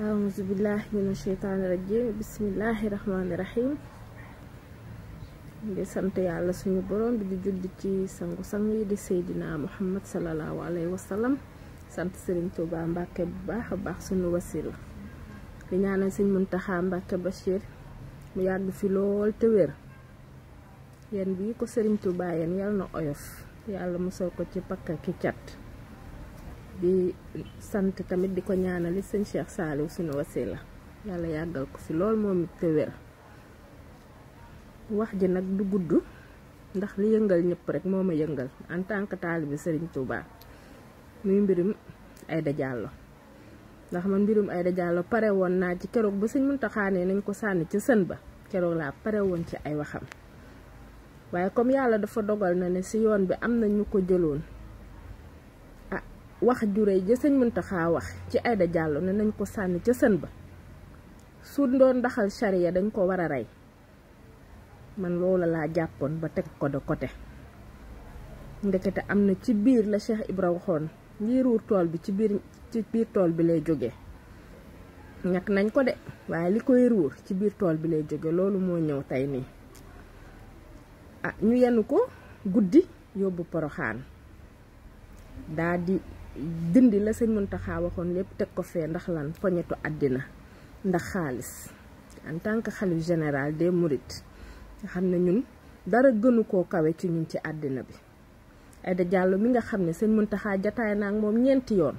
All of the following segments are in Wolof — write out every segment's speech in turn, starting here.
أعوذ بالله من الشيطان الرجيم بسم الله الرحمن الرحيم di sant yàlla suñu borom di judd ci sangu sang di seydina muhammad sallallahu alaihi wasallam sant sëriñ tuuba mbàkke bu baax a baax suñu wasila di ñaanal sëñ muntaxa mbàkke bachir mu yàgg fi te wér yan bii ko sëriñ tuuba yan yal na oyof yàlla ya musal ko ci pakka ki cat di sant tamit di ñaanal ñaanali sëñ Cheikh salou sunu wasila yalla yagal ko ci lool mom te wer wax ji nak du gudd ndax li yëngal ñep rek moma ma en tant que taalibe Serigne Touba muy mbirum Aïda Diallo ndax man mbirum Aïda Diallo pare won na ci kérok ba seigne Muntaxa ne nañ ko sànni ci seun ba kérok la pare won ci ay waxam waye comme yalla dafa dogal na né ci yoon bi amna ñu wax juree je señ Muntaxa wax ci ayda jallu ne nañ ko sanni ci señ ba su ndon ndaxal sharia dañ ko wara ray man loola la jàppoon ba tek ko do côté ndekete amna ci bir la Cheikh Ibra waxoon njiiruur tol bi ci bir ci bir tol bi lay jógee ñak nañ ko de way li koy ruur ci bir tol bi lay jóge loolu mo ñew tay ni ah ñu yenu ko guddii yobbu dindi la sëñ Muntaxa waxoon lépp teg ko fee ndax lan poñetu àddina ndax xaalis en tant que xalif général des mourides nga xam ne ñun dara gënu koo kawe ci ñun ci àddina bi Aïda jàll mi nga xam ne sëñ Muntaxa jataay naa ak moom ñeenti yoon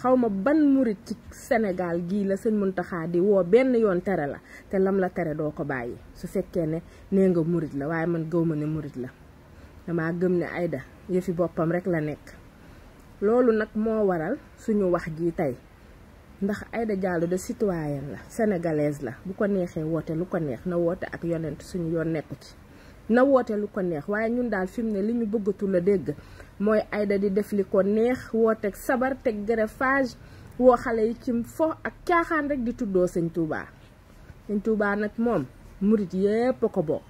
xawma ban murit ci Sénégal gii la seen sëñ Muntaxa di woo benn yoon tere la te lam la tere doo ko bàyyi su fekkee ne nee nga murit la waaye man gëw ma ne murit la dama gëm ne Aïda yëfi boppam rek la nekk loolu nag moo waral suñu wax ji tey ndax ayda Diallo de citoyenne la sénégalaise la bu ko neexee woote lu ko neex na woote ak yonent suñu yoon nekku ci na woote lu ko neex waaye ñun daal fi ne li ñu bëggatul a dégg mooy ayda di def li ko neex wooteeg sabar teg greffage woo xale yi ci fo ak caaxaan rek di tuddoo sëñ Touba sëñ Touba nag moom murit yépp a ko bokk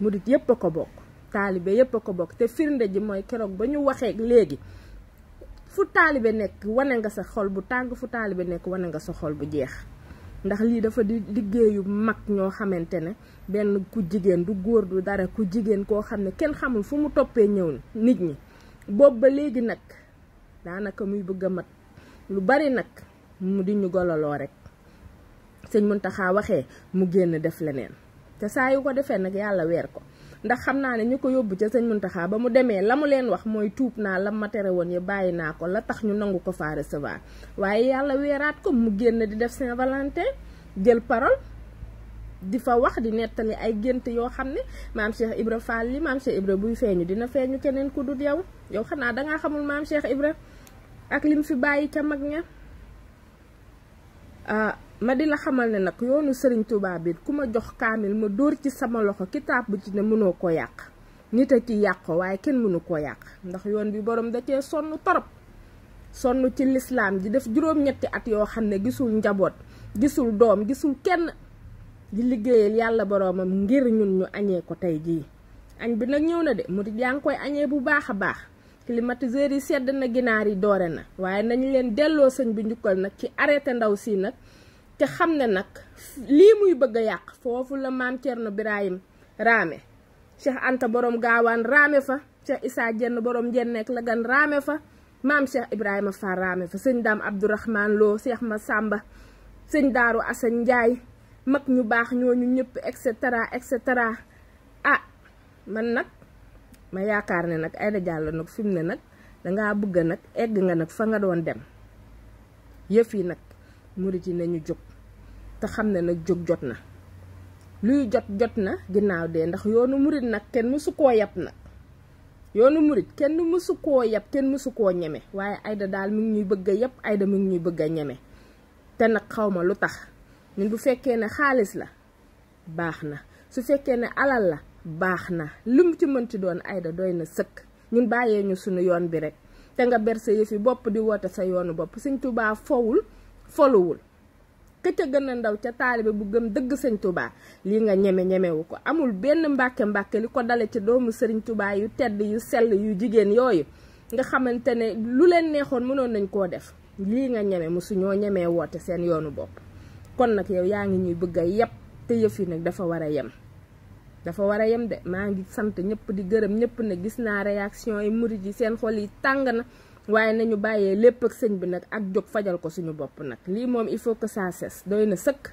murit yépp a ko bokk taalibe yépp a ko bokk te firnde ji mooy keroog ba ñu waxee léegi fu taalibe nekk wane nga sa xol bu tàng fu taalibe nekk wane nga sa xol bu jeex ndax lii dafa liggéeyu mag ñoo xamante ne benn ku jigéen du góor du dara ku jigéen koo xam ne kenn xamul fu mu toppee ñëw nit ñi boobu ba léegi nag daanaka muy bëgg a mat lu bari nag mu di ñu gololoo rek sëñ taxa waxee mu génn def leneen te saa yu ko defee nag yàlla weer ko ndax xam naa ne ñu ko yóbbu ca sëñ Muntaxa ba mu demee la mu leen wax mooy tuub naa la ma woon ya bàyyi naa ko la tax ñu nangu ko faa recevoir waaye yàlla weeraat ko mu génn di def Saint-Valentin jël parole di fa wax di nettali ay gént yoo xam ne maam Cheikh Ibra Fall li maam Cheikh Ibra buy feeñu dina feeñu keneen ku dut yow xam naa dangaa xamul maam Cheikh Ibra ak lim fi bàyyi ca mag ña ah, ma di la xamal ne nag yoonu Serigne Touba yi ku ma jox kaamil ma dóor ci sama loxo kitaab bu ci ne mënoo koo yàq nit a ci yàq waaye kenn mënu ko yàq ndax yoon bi borom da cee sonn torop sonn ci lislaam ji def juróom-ñetti at yoo xam ne gisul njaboot gisul doom gisul kenn di liggéeyal yàlla boroomam ngir ñun ñu añee ko tey jii añ bi nag ñëw na de mu yaa ngi koy añee bu baax a baax climatiseur yi sedd na ginaar yi doore na waaye nañu leen delloo sëñ bi njukkal nag ci arrêté ndaw si nag te xamne nak li muy bëgg yaq fofu rame. la ibrahim ramé Cheikh Anta borom gawan, ramé fa Cheikh isa jenn borom jennek la gan ramé fa Mam Cheikh Ibrahima fa ramé fa seigne dam Abdourahman Lo Cheikh samba seigne daru Assane nyu nyup, ñu baax A, ñëpp et cetera et cetera ah man nak ma yaakar ne nak ay Diallo jall nak fimne nak da nga bëgg nak egg nga nak fa nga doon dem yëf yi murit yi nañu jóg te xam ne nag jóg jot na luy jot jot na ginnaaw de ndax yoonu murit nag kenn mësu koo yab yoonu murit kenn mësu koo yab kenn mësu koo ñeme waaye ayda daal mi ngi ñuy bëgg a yab Aïda mi ngi ñuy bëgg a ñeme te nag xaw ma lu tax ñun bu fekkee ne xaalis la baax na su fekkee ne alal la baax na lu mu ci mënti doon ayda doy na sëkk ñun bàyyee ñu sunu yoon bi rek te nga ber sa yëfi bopp di woote sa yoonu bopp Sëñ Tuubaa fowul folowul kë ca gën a ndaw ca taalibe bu gëm dëgg sëñ tubaa lii nga ñeme ñemewu ko amul benn mbàkke mbàkke li ko dale ci doomu sëriñ tubaa yu tedd yu sell yu jigéen yooyu nga xamante ne lu leen neexoon mënoon nañ koo def lii nga ñeme mosuñoo ñemee woote seen yoonu bopp kon nag yow yaa ngi ñuy bëgg a yeb te yëf yi nag dafa war a yem dafa war a yem de maa ngi sant ñëpp di gërëm ñëpp nag gis naa réaction yi murid yi seen xol yi tàng na waaye nañu bàyyee lépp ak sëñ bi nag ak jog fajal ko suñu bopp nag lii moom il faut que ça cesse doy na sëkk